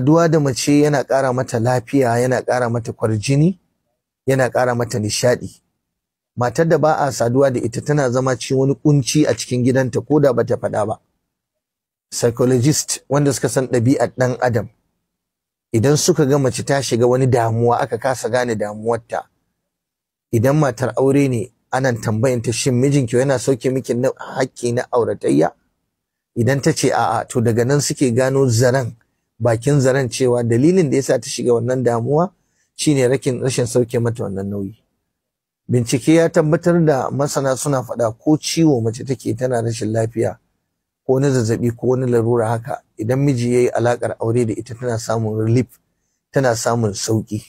Saduwa da mace yana ƙara mata lafiya, yana ƙara mata kwarjini, yana ƙara mata nishaɗi. Matar da ba a saduwa da ita tana zama cikin wani ƙunci a cikin gidanta ko da ba ta faɗa ba. Psychologist wanda suka san ɗabi'ar ɗan Adam idan suka ga mace ta shiga wani damuwa aka kasa gane damuwarta idan matar aure ne ana tambayin ta shin mijinki yana sauke miki na haƙƙi na auratayya idan ta ce a'a to daga nan suke gano zaren bakin zaren cewa dalilin da ya sa ta shiga wannan damuwa shine rakin rashin sauke mata wannan nauyi bincike ya tabbatar da masana suna faɗa ko ciwo mace take tana rashin lafiya ko na zazzabi ko wani larura haka idan miji yayi alakar aure da ita tana samun relief tana samun sauki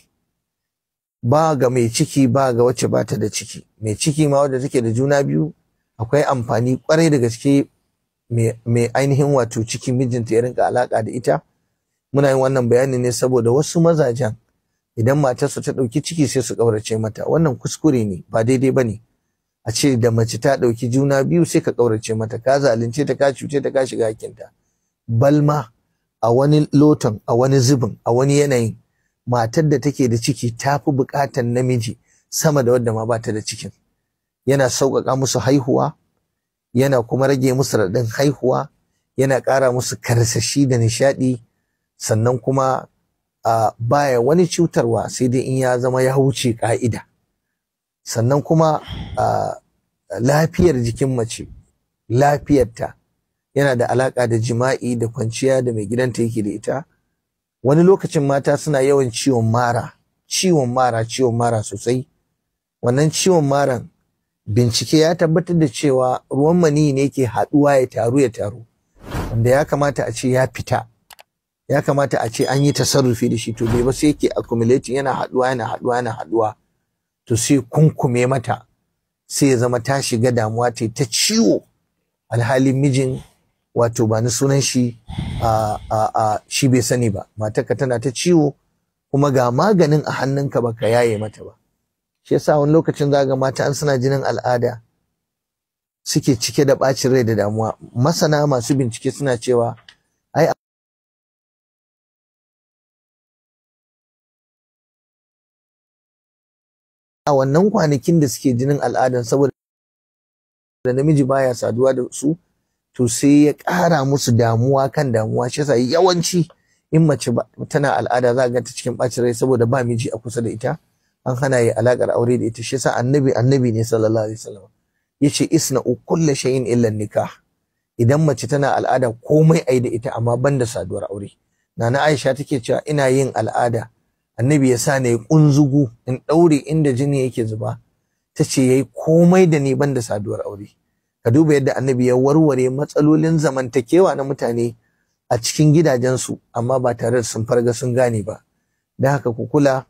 ba ga mai ciki ba ga wacce bata da ciki mai ciki ma wadda take da juna biyu akwai amfani kwarai da gaske mai ainihin wato ciki mijinta ya rinka alaka da ita muna yin wannan bayani ne saboda wasu mazajen idan matarsu ta ɗauki ciki sai su ƙaurace mata wannan kuskure ne ba daidai ba ne a ce da mace ta ɗauki juna biyu sai ka ƙaurace mata ka zalunce ta ka cuce ta ka shiga hakinta balma a wani loton a wani zubin a wani yanayin matar da take da ciki ta fi buƙatar namiji sama da wadda ma ba ta da cikin yana sauƙaƙa musu haihuwa yana kuma rage musu raɗin haihuwa yana ƙara musu karsashi da nishaɗi sannan kuma uh, baya wani cutarwa sai dai in ya zama ya wuce ka'ida sannan kuma uh, lafiyar jikin mace lafiyarta yana da alaka da jima'i da kwanciya da mai gidanta yake da ita wani lokacin mata suna yawan ciwon mara ciwon mara ciwon mara sosai wannan ciwon maran bincike ya tabbatar da cewa ruwan mani ne ke haɗuwa ya taru ya taru wanda ya kamata a ce ya fita ya kamata a ce an yi tasarrufi da shi to bai ba sai yake accumulating yana haduwa yana haduwa yana haduwa to sai kunkume mata sai ya zama ta shiga damuwa ta ta ciwo alhali mijin wato ba ni sunan shi a a a shi bai sani ba matarka tana ta ciwo kuma ga maganin a hannunka baka yaye mata ba shi yasa wani lokacin zaga mata an suna jinin al'ada suke cike da bacin rai da damuwa masana masu bincike suna cewa a wannan kwanakin da suke jinin al'adan saboda da namiji baya saduwa da su to sai ya ƙara musu damuwa kan damuwa shi yasa yawanci in mace tana al'ada za ga ta cikin ɓacin rai saboda ba miji a kusa da ita an hana yi alakar aure da ita shi yasa annabi annabi ne sallallahu alaihi wasallam yace isna kullu shay'in illa nikah idan mace tana al'ada komai ai da ita amma banda saduwar aure nana Aisha take cewa ina yin al'ada annabi ya sa ne kunzugu in daure inda jini yake zuba tace yayi komai da ni banda saduwar aure ka duba yadda annabi ya warware matsalolin zamantakewa na mutane a cikin gidajen su amma ba tare da sun farga sun gane ba da haka ku kula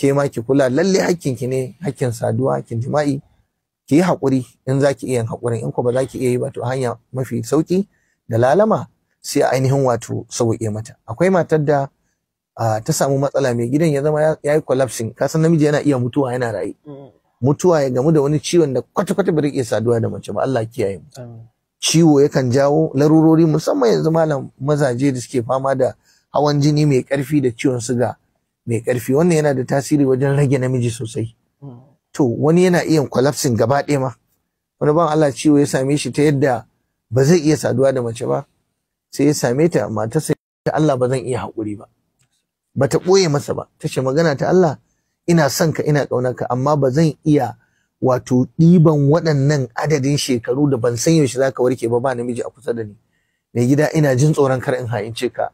ke ma ki kula lalle hakkinki ne hakkin saduwa hakkin jima'i ki yi haƙuri in zaki ki iya yin haƙurin in ko ba za ki iya yi ba to hanya mafi sauƙi da lalama sai ainihin wato sauke mata akwai matar da ta samu matsala mai gidan ya zama ya yi collapsing kasan namiji yana iya mutuwa yana raye mm. mutuwa ya gamu da wani ciwon da kwata-kwata bai iya saduwa da mace ba Allah kiyaye mu ciwo yakan jawo larurori musamman yanzu malam mazaje da suke fama da hawan jini mai karfi da ciwon suga mai karfi wannan yana da tasiri wajen rage namiji sosai mm. to wani yana iya collapsing gaba ɗaya ma wani ban Allah ciwo ya same shi ta yadda ba zai iya saduwa da mace ba sai ya same ta matarsa sai, Allah ba zan iya haƙuri ba bata ɓoye masa ba ta magana ta Allah ina son ka ina ƙaunarka amma ba zan iya wato ɗiban waɗannan adadin shekaru da ban san yaushe zaka warke ba ba namiji a kusa da ni mai gida ina jin tsoron kar in hayince ka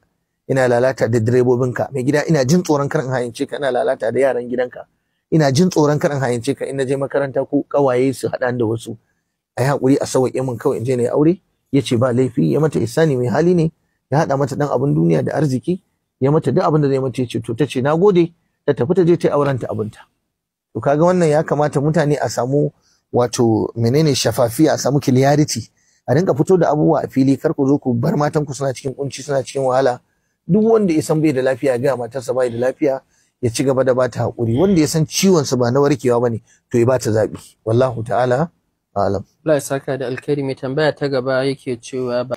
ina lalata da direbobinka mai gida ina jin tsoron kar in hayince ka ina lalata da yaran gidanka ina jin tsoron kar in hayince ka in na je makaranta ko kawaye su haɗa da wasu ai hakuri a sauƙe min kawai in je na aure yace ba laifi ya mata isani mai hali ne ya haɗa mata dan abin duniya da arziki ya mata duk abin da zai mata yace to ta na gode ta tafi ta je ta auren ta ta to kaga wannan ya kamata mutane a samu wato menene shafafiya a samu clarity a dinga fito da abubuwa a fili kar ku zo ku bar matan ku suna cikin kunci suna cikin wahala duk wanda ya san bai da lafiya ga matarsa bai da lafiya ya ci gaba da bata hakuri wanda ya san ciwon su ba na warkewa bane to ya bata zabi wallahu ta'ala alam Allah ya saka da alkhairi mai tambaya ta gaba yake cewa